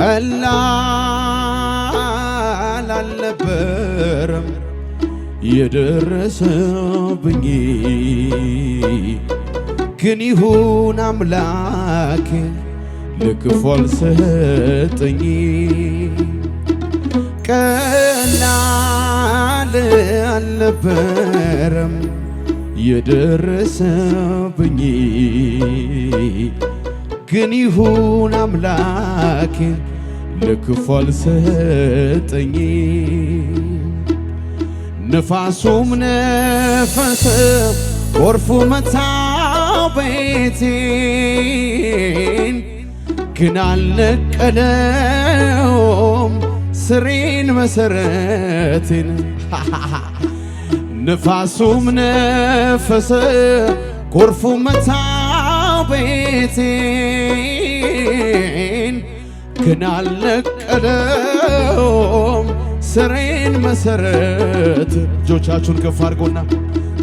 ቀላል አልነበረም የደረሰብኝ ግን ይሁን አምላክ ለክፉ አልሰጠኝ። ቀላል አልነበረም የደረሰብኝ ግን ይሁን አምላኬ ለክፉ አልሰጠኝ። ነፋሱም ነፈሰ ጎርፉ መታው ቤቴን፣ ግን አልነቀለውም ስሬን መሰረትን ነፋሱም ነፈሰ ጎርፉ መታ ቤቴን ግን አልነቀለውም ስሬን መሰረት እጆቻችሁን ከፍ አድርጎና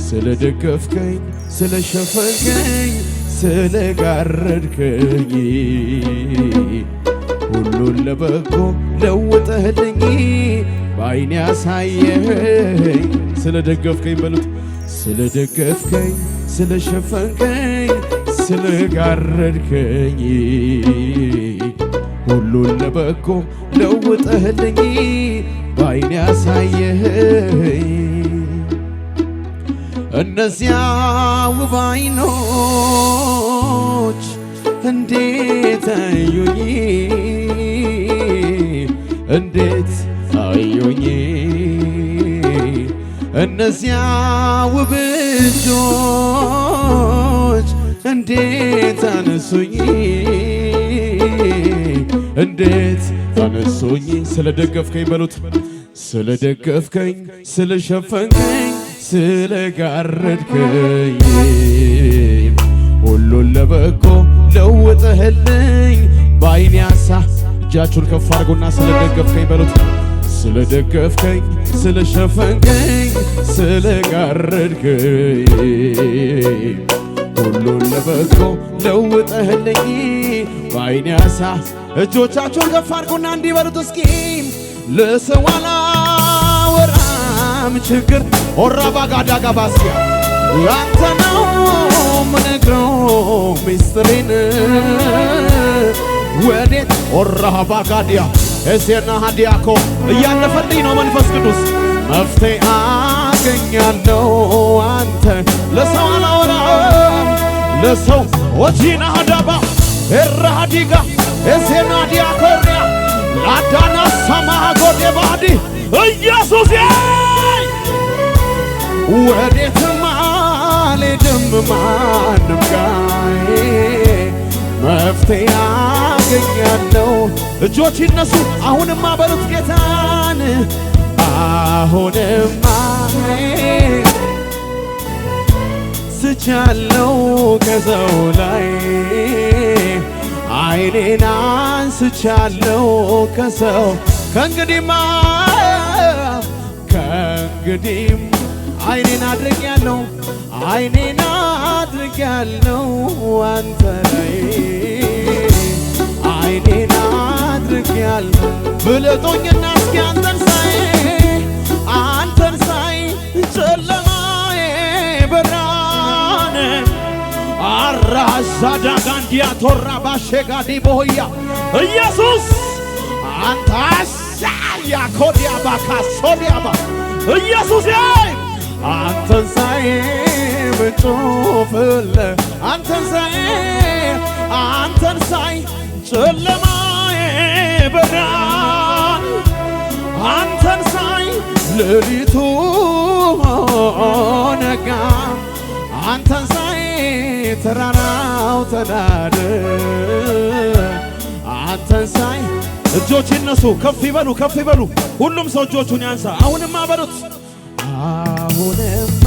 ስለ ደገፍከኝ ስለ ሸፈንከኝ ሁሉን ለበጎ ለውጠህልኝ በአይን ያሳየኸኝ ስለ ደገፍከኝ በሉት ስለ ደገፍከኝ ስለጋረድከኝ ሁሉን ለበጎ ለውጠህልኝ ባይን ያሳየኸኝ እነዚያ ውብ ዓይኖች እንዴት አዩኝ እንዴት አዩኝ እነዚያ ውብ እጆች እንዴት አነሱኝ እንዴት አነሱኝ ስለደገፍከኝ በሉት ስለደገፍከኝ ስለሸፈንከኝ ስለጋረድከኝ ሁሉን ለበጎ ለውጠህልኝ በአይኔ አሳ እጃችሁን ከፍ አድርጎና ስለደገፍከኝ በሉት ስለደገፍከኝ ስለሸፈንከኝ ስለጋረድከኝ ሁሉን ለበጎ ለውጠህልኝ በአይን ያሳ እጆቻቸውን ከፍ አድርጎና እንዲህ በሉት እስኪ ለሰው አላወራም ችግር ኦራ ባጋዳ ጋባስያ ላንተ ነው ምነግረው ሚስጥሬን ወዴት ኦራ ባጋዲያ እሴና ሀዲያኮ እያለፈልኝ ነው መንፈስ ቅዱስ መፍትሄ አገኛለው አንተ ለሰው አላወራ ለሰው ወጂና አዳባ ኤራሃዲጋ ኤሴናዲያኮሪያ ላዳና ሰማጎዴባዲ ኢየሱስ ወዴትም አልሄድም ማንም ጋር መፍትሄ አገኛለሁ። እጆች ይነሱ አሁንማ በሉት ጌታን አሁንማ አንስቻለው ከሰው ላይ አይኔን አንስቻለው ከሰው ከእንግዲህማ ከእንግዲህም አይኔን አድርጌያለው አይኔን አድርጌያለው አንተ ላይ አይኔን ብለጦኝና እስኪ አንተን ሳይ አንተን ሳይ ጨለ ዛዳ ጋንዲያ ቶራ ባሼጋዲ ቦሆያ ኢየሱስ አንተ አሻያ ኮዲያ ባካ ሶዲያባ ኢየሱስ ያይ አንተን ሳይ ብጮፍለ አንተን ጨለማዬ በራን አንተን ሌሊቱ ነጋ አንተን ተራራው ተናደ አንተን ሳይ እጆች ይነሱ ከፍ ይበሉ ከፍ ይበሉ ሁሉም ሰው እጆቹን ያንሳ አሁንማ በሉት አሁንማ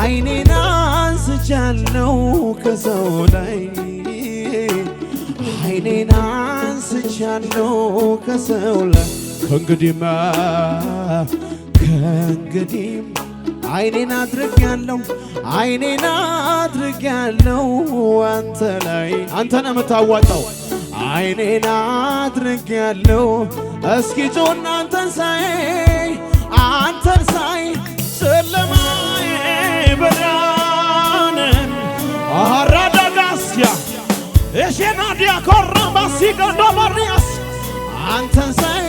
አይኔን አንስቻለው ከሰው ላይ አይኔን አንስቻለው ከሰው ላይ ከእንግዲህማ ከእንግዲህ አይኔን አድርግ ያለው አይኔን አድርግ ያለው አንተ ላይ አንተ ነው የምታዋጣው። አይኔን አድርግ እስኪ ጮና አንተን ሳይ አንተን ሳይ ጨለማዬ ብርሃን አራዳጋስያ የሼናዲያ ኮራባሲ ቀንዶማርያስ አንተን ሳይ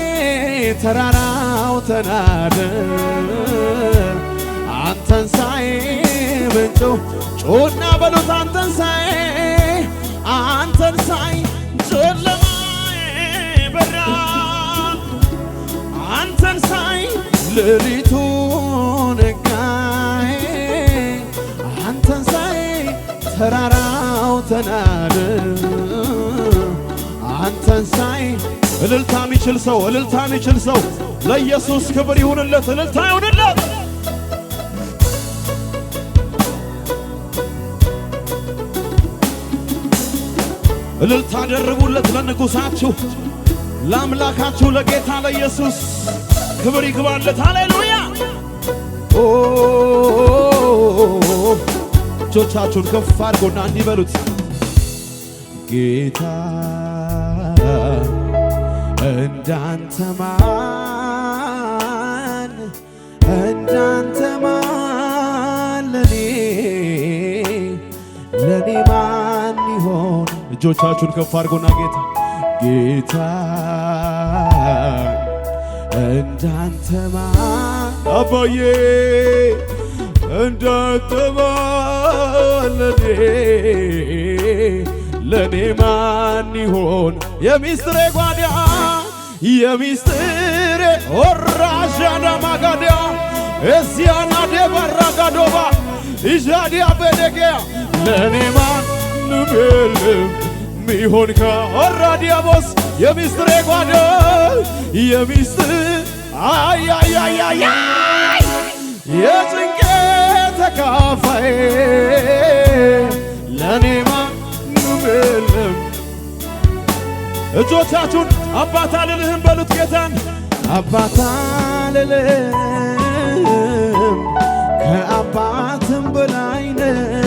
ተራራው ተናደ አንተንሳኤ ምንጩ ጩና በሉት አንተንሳኤ አንተንሳኤ ጨለማዬ በራ አንተንሳኤ ሌሊቱ ነጋዬ አንተንሳኤ ተራራው ተናደ አንተንሳኤ እልልታ ሚችል ሰው እልልታ የሚችል ሰው ለኢየሱስ ክብር ይሁንለት እልልታ ይሁንለት እልልታ አደርጉለት ለንጉሳችሁ ለአምላካችሁ ለጌታ ለኢየሱስ ክብር ይግባለት። ሃሌሉያ! እጆቻችሁን ከፍ አድርጎና እንዲበሉት ጌታ እንዳንተማን እንዳንተማ እጆቻችሁን ከፍ አድርጎና ጌታ ጌታ እንዳንተማ አባዬ እንዳንተማ ለኔ ለኔ ማን ይሆን የሚስጥሬ ጓዳ የሚስጥሬ ወራሻዳ ማጋዲያ ኤስያና ደበራጋዶባ ኢዣዲያ በደገያ ለኔ ማንም የለም ቢሆን ከሆራዲያቦስ የሚስጥር የጓደ የሚስጥር አያያያያ የጭንቄ ተካፋይ ለእኔ ማንም የለም። እጆቻችሁን አባት አልልህም በሉት ጌታን አባት አልልህም ከአባትም በላይ ነህ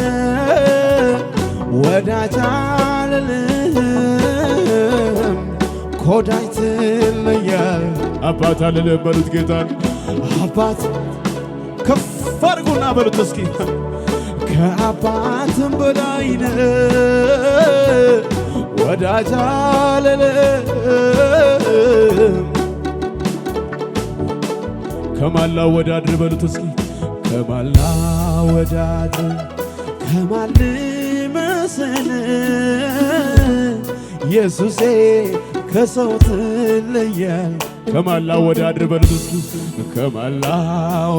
ወዳጅ አልልህም ከወዳጅ አባት በሉት ጌታን አባት ከፍ አድርጉና በሉት እስኪ ከአባትም በላይ ነህ ወዳጅ ከማላ ወዳድር በሉት እስኪ ከማላ ወዳድር ራስን ኢየሱሴ ከሰው ትለያል ከማላ ወዳድር በልብስ ከማላ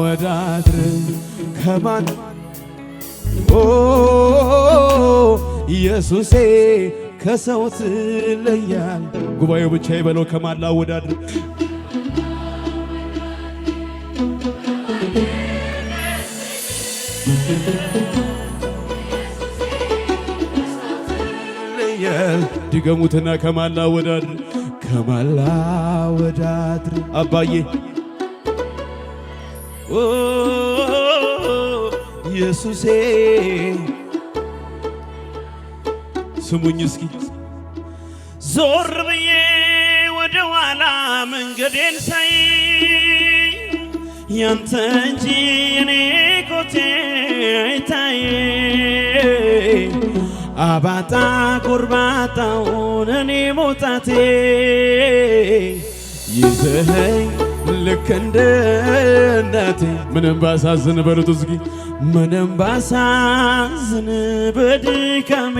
ወዳድር ከማን ኦ ኢየሱሴ ከሰው ትለያል ጉባኤው ብቻ ይበለው ከማላ ወዳድር Thank በል ድገሙትና ከማላ ወዳድር ከማላ ወዳድር አባዬ ኢየሱሴ ስሙኝ እስኪ ዞር ብዬ ወደ ኋላ መንገዴን ሳይ ያንተ እንጂ የኔ ኮቴ አይታዬ አባጣ ጎርባጣውን እኔ መውጣቴ ይዘኸኝ ልክ እንደ እናቴ ምንም ባሳዝን በሉት እስኪ ምንም ባሳዝን በድካሜ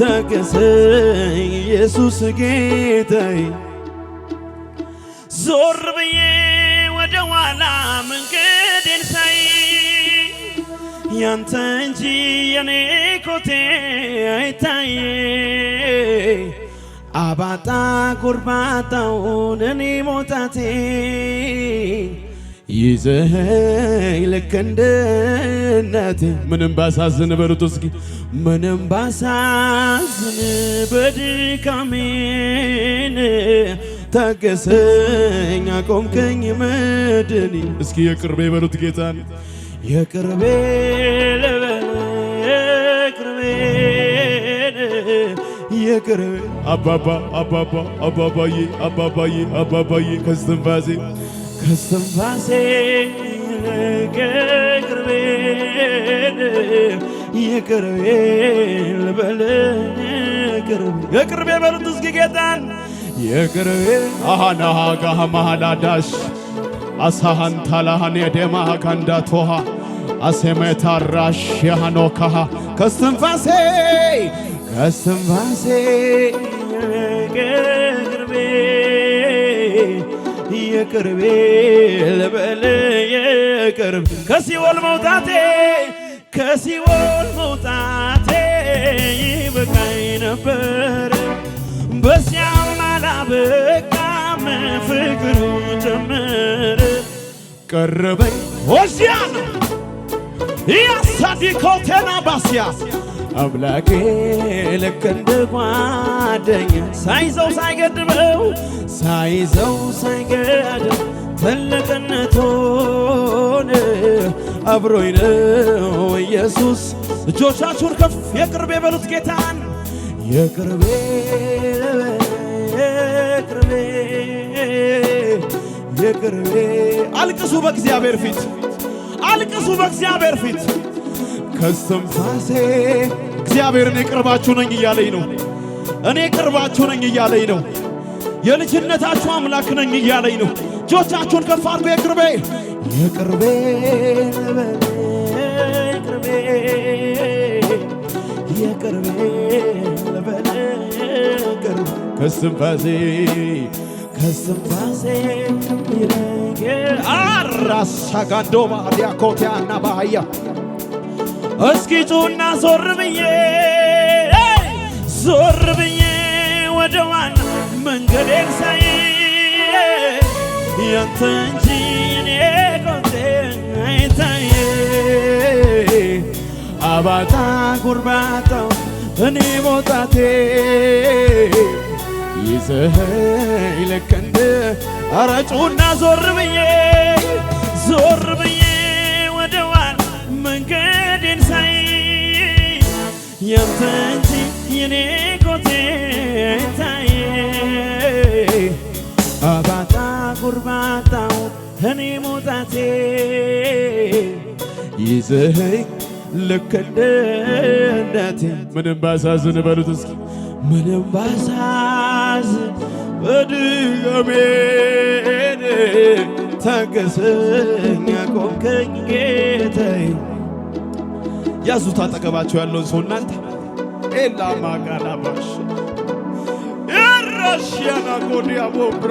ታገሰኝ ኢየሱስ ጌታዬ ዞር ብዬ ወደ ኋላ መንገድ ያንተ እንጂ የኔ ኮቴ አይታዬ አባጣ ጎርባጣውን እኔ ሞታቴ ይዘኸኝ ልክ እንደ ምንም ባሳዝን በሩት እስኪ ምንም ባሳዝን በድካሜን ታገሰኝ አቆምከኝ መድኒ እስኪ የቅርቤ በሩት ጌታን የቅርቤ ልበል ቅርቤን የቅርቤ አባባ አባባ አባባዬ አባባዬ አባባዬ ከስትንፋሴ ከስትንፋሴ ቅርቤን የቅርቤ ልበል የቅርቤ በሉት እስኪ ጌታን የቅርቤ አሃናሃ ጋህ ማሃላዳሽ አሳሃን ታላሃን አሴመታራሽ ያኖካሃ ከስትንፋሴ ከስትንፋሴ የቅርቤ የቅርቤ ልበል የቅርቤ ከሲኦል መውጣቴ መውጣቴ ይበቃኝ ነበር በዚያም አላበቃም ፍቅሩ ጀመረ ቀረበኝ ነው ያሳዲኮቴና ባስያ አምላኬ ልክ እንደ ጓደኛ ሳይዘው ሳይገድበው ሳይዘው ሳይገድብ ትልቅነቱን አብሮኝ ነው ኢየሱስ። እጆቻችሁን ከፍ የቅርቤ በሉት ጌታን የቅርቤ የቅርቤ የቅርቤ አልቅሱ በእግዚአብሔር ፊት አልቅሱ በእግዚአብሔር ፊት። ከስትንፋሴ እግዚአብሔር እኔ ቅርባችሁ ነኝ እያለኝ ነው። እኔ ቅርባችሁ ነኝ እያለኝ ነው። የልጅነታችሁ አምላክ ነኝ እያለኝ ነው። እጆቻችሁን ከፍ አድርጎ የቅርቤ የቅርቤ የቅርቤ ከስትንፋሴ ከዝምባሴ ይለቅ አራሳጋዶ ባህዲያ ኮቲያና ባህያ እስኪ ጩና ዞር ብዬ ዞር ብዬ ወደ ዋና መንገዴን ሳይ ያንተ እንጂ እኔ ቆንቴ አይታየ አባጣ ጉርባታው እኔ ሞጣቴ ይዘኸኝ ልክ እንደ ኧረ ጩና ዞር ብዬ ዞር ብዬ ወደ ዋል ሳይ ያንተ እንጂ የኔ ታየ አባጣ ጉርባጣው እኔ ምንም ባሳዝን በሉት እስኪ ምንም ባሳ ትእዛዝ ታገሰኝ ጌታዬ። ያዙት አጠገባቸው ያለውን ሰው እናንተ የራሽያና ጎዲያ ቦብራ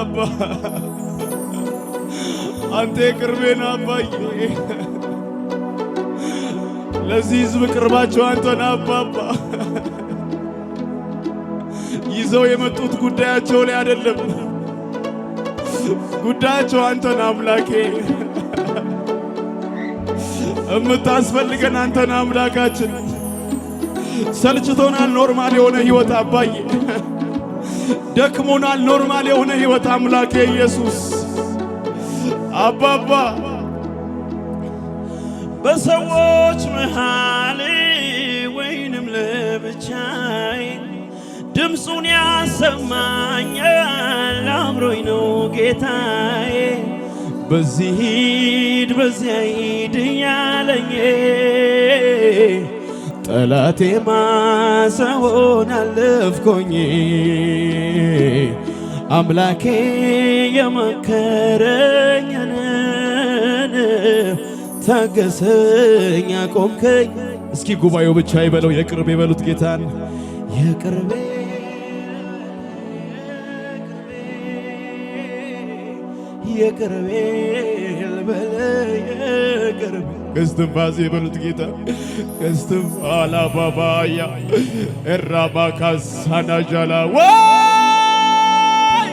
አባ አንተ የቅርቤን አባዬ ለዚህ ህዝብ ቅርባቸው አንተን አባባ ይዘው የመጡት ጉዳያቸው ላይ አይደለም። ጉዳያቸው አንተን አምላኬ እምታስፈልገን አንተን አምላካችን ሰልችቶናል። ኖርማል የሆነ ህይወት አባዬ ደክሞናል። ኖርማል የሆነ ህይወት አምላኬ ኢየሱስ አባባ በሰዎች መሃል ወይንም ለብቻዬ ድምፁን ያሰማኛል አምሮኝ ነው ጌታዬ በዚህ ሂድ በዚያ ሂድ ያለኝ ጠላቴ ማሳሆን አለፍኩኝ አምላኬ የመከረኝን ታገሰኝ አቆምከኝ። እስኪ ጉባኤው ብቻ ይበለው የቅርቤ በሉት ጌታን የቅርቤ የቅርቤ ልበለ የቅርቤ እስትንፋሴ በሉት ጌታ እስትንፋ አላባባያ እራባ ካሳናጃላ ወይ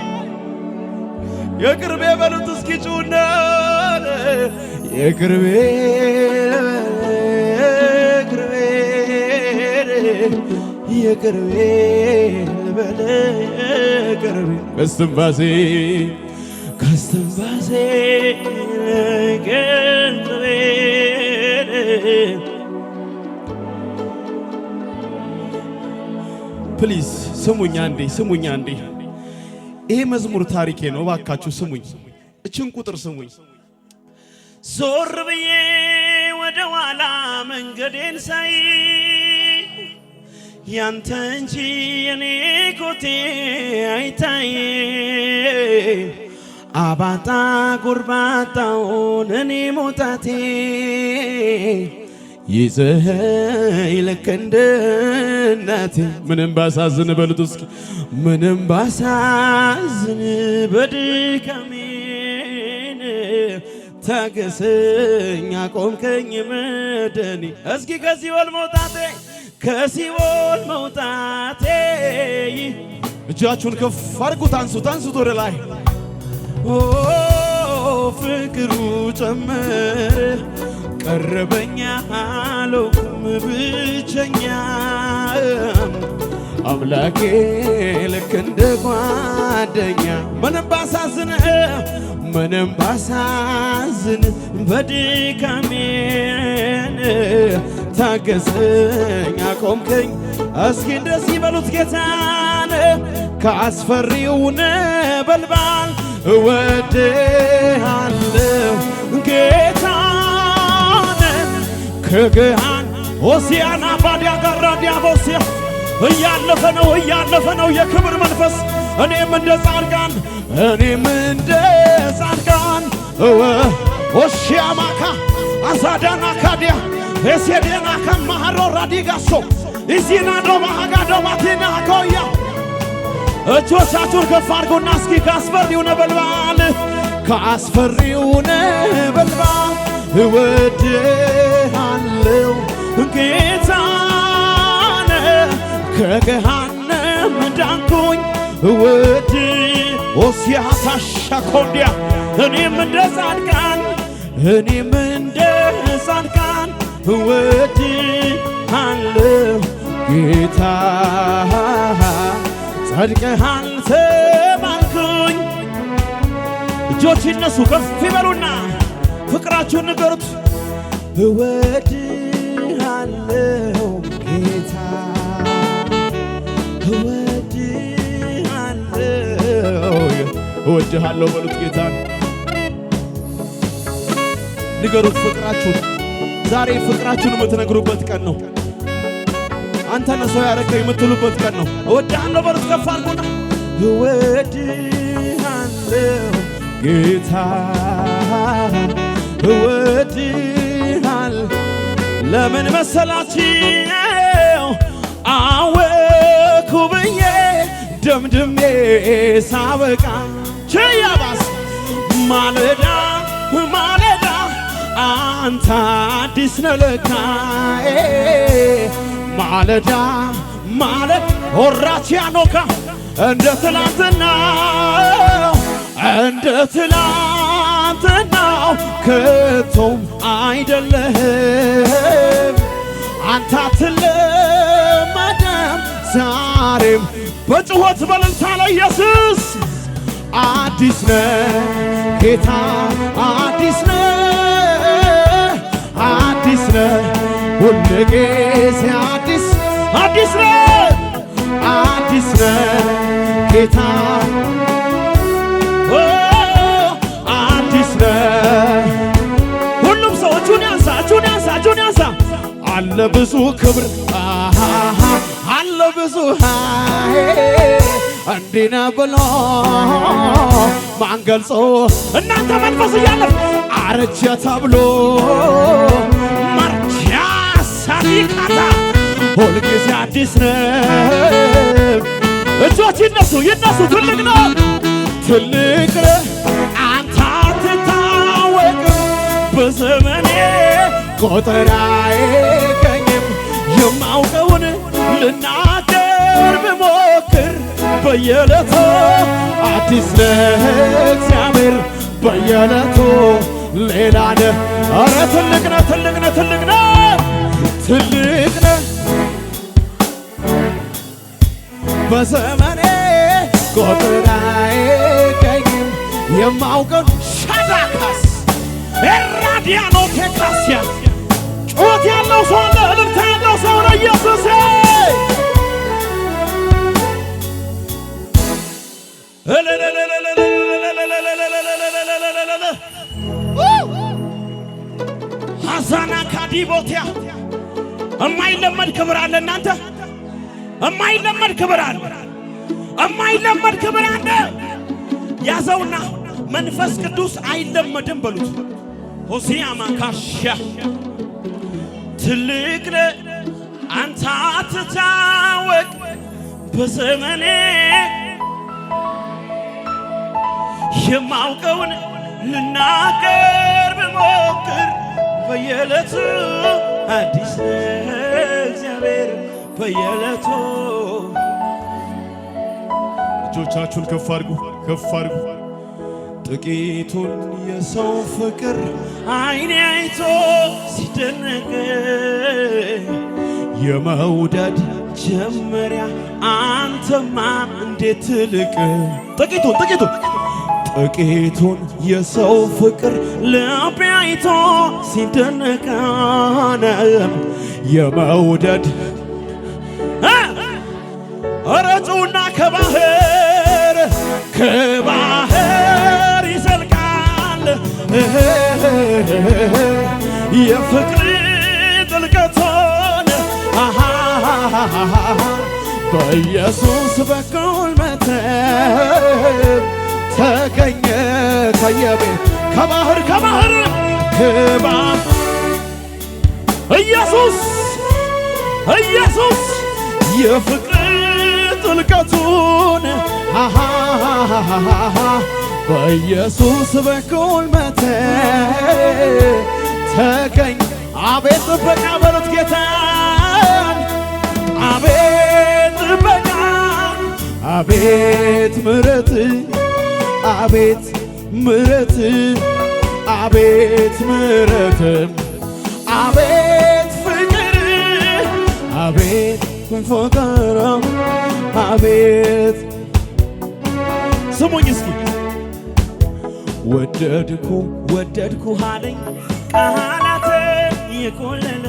የቅርቤ በሉት እስኪ ጩና የቅርቤ የቅርቤ የቅርቤ ፕሊዝ ስሙኝ አንዴ ስሙኝ አንዴ። ይሄ መዝሙር ታሪኬ ነው። እባካችሁ ስሙኝ፣ እችን ቁጥር ስሙኝ። ዞር ብዬ ወደ ኋላ መንገዴን ሳይ ያንተ እንጂ የኔ ኮቴ አይታይ አባጣ ጉርባጣውን እኔ ሞታቴ ይዘኸኝ ልክ እንደ እናቴ ምንም ባሳዝን በሉት እስኪ ምንም ባሳዝን በድካሜ ታገሰኝ ቆምከኝ መደኔ እስኪ ከሲኦል መውጣቴ ከሲኦል መውጣቴ እጃችሁን ከፍ አድርጉት አንሱት አንሱት ወደ ላይ ፍቅሩ ጨመረ ቀረበኛ አለውም ብቸኛ አምላኬ ልክ እንደ ጓደኛ ምንም ባሳዝን ምንም ባሳዝን በድካሜን ታገሰኝ አቆምከኝ። እስኪ እንደዚህ በሉት ጌታን ከአስፈሪው ነበልባል እወድሃለሁ ጌታነ ከገሃን ሆሲያና ባዲያ ጋር ራዲያ እያለፈ ነው እያለፈ ነው የክብር መንፈስ እኔም እንደ ጻድቃን እኔም እንደ ጻድቃን እወ ሆሺያ አዛዳና ካዲያ ኤሴዴና ካማሃሮ ራዲጋሶ ኢዚና ዶባ ሀጋ ኮያ እጆቻችሁን ከፍ አድርጎና እስኪ ከአስፈሪው ነበልባል ከአስፈሪው ነበልባል እወድሃለው ጌታነ ከገሃነም ዳንኩኝ እወድ ኦስያሳ ሻኮንዲያ እኔም እንደ ጻድቃን እኔም እንደ ጻድቃን እወድሃለው ጌታ ጸድቀሃል ተባርኩኝ። እጆች ይነሱ ከፍ ይበሉና ፍቅራችሁን ንገሩት። እወድሃለሁ ጌታ እወድሃለሁ በሉት ጌታ ንገሩት ፍቅራችሁን። ዛሬ ፍቅራችሁን የምትነግሩበት ቀን ነው። አንተ ሰው ያደረገ የምትሉበት ቀን ነው። እወድሃለሁ በሉት ከፍ አድርጉና እወድሃለሁ ጌታ እወድሃል ለምን መሰላችው አወኩ ብዬ ደምድሜ ሳበቃ ችያባስ ማለዳ ማለዳ አንተ አዲስ ነህ ማለዳ ማለት ወራት ያኖካ እንደ ትላንትና እንደ ትላንትናው ከቶም አይደለህም አንተ አትለመደም ዛሬም በጩኸት በልልታ ላይ ኢየሱስ አዲስ ነህ ጌታ አዲስ ነህ አዲስ ነህ ሁልጊዜ አዲስ ነው አዲስ ነው ጌታ አዲስ ነው። ሁሉም ሰው እጁን ያንሳ እጁን ያንሳ እጁን ያንሳ አለ ብዙ ክብር አለ ብዙ እንዲህ ነው ብሎ ማንገልጾ እናንተ መንፈስ እያለፍ አረጀ ተብሎ መርጃ ሰሪቃታ ሁልጊዜ አዲስ ነው። እጆች ይነሱ ይነሱ። ትልቅ ነው ትልቅ አንተ አትታወቅም በዘመኔ ቆጠራ አይገኝም። የማውቀውን ልናገር ብሞክር በየዕለቱ አዲስ ነ እግዚአብሔር በየዕለቱ ሌላ ነህ። ኧረ ትልቅ ነ ትልቅ ነህ ትልቅ ነህ ትልቅ በዘመኔ ቁጥር አይገኝም የማውቀን ሻዳካስ ኤራዲያኖ ቴካስያ ጩኸት ያለው ሰው አለ፣ እልልታ ያለው ሰው ነው ኢየሱስ ሐዛና ካዲቦቲያ የማይለመድ ክብር አለ እናንተ እማይለመድ ክብር አለ። እማይለመድ ክብር አለ። ያዘውና መንፈስ ቅዱስ አይለመድም በሉት። ሆሴያ ማካሻ ትልቅ አንተ አትታወቅ በዘመኔ የማውቀውን ልናገር ብሞክር በየዕለቱ አዲስ በየለቶ እጆቻችሁን ከፍ አድርጉ፣ ከፍ አድርጉ። ጥቂቱን የሰው ፍቅር አይኔ አይቶ ሲደነቅ የመውደድ ጀመሪያ አንተማ እንዴት ትልቅ ጥቂቱን ጥቂቱን ጥቂቱን የሰው ፍቅር ልቤ አይቶ ሲደነቀነ የመውደድ ከባህር ይሰልቃል የፍቅር ጥልቀቶን በኢየሱስ በኩል መተ ተገኘ ከየቤ ከባህር ከባህር ክባ ኢየሱስ ኢየሱስ የፍቅር ጥልቀቱን በኢየሱስ በኩል መተ ተገኝ አቤት ጥበቃ በሉት ጌታን አቤት ጥበቃ አቤት ምረት አቤት ምረት አቤት ምረት አቤት ፍቅር አቤት ፍቅር አቤት ስሙኝ እስኪ ወደድኩ ወደድኩ አለኝ ቃላት የቆለለ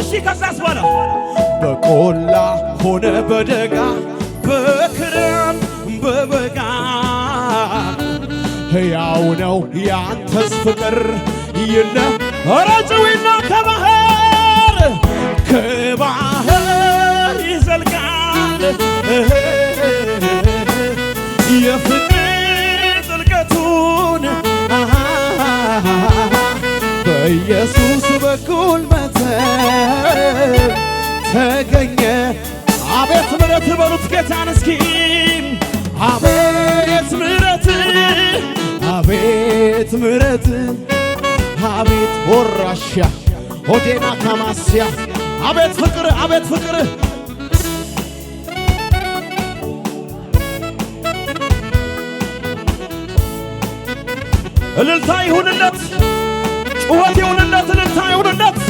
እሺ ከዛስ በኋላ በቆላ ሆነ በደጋ በክረም በበጋ ሕያው ነው ያንተስ ፍቅር ይለ ረጭዊና ከባህር ከባህር ይዘልቃል የፍቅር ጥልቀቱን በኢየሱስ በኩል መተብ ተገኘ። አቤት ምረት በሉት ጌታን እስኪ አቤት ምረት አቤት ምረት አቤት ወራሻ ሆዴና ካማስያ አቤት ፍቅር፣ አቤት ፍቅር እልልታ ይሁንለት፣ ጩኸት ይሁንለት፣ እልልታ ይሁንለት።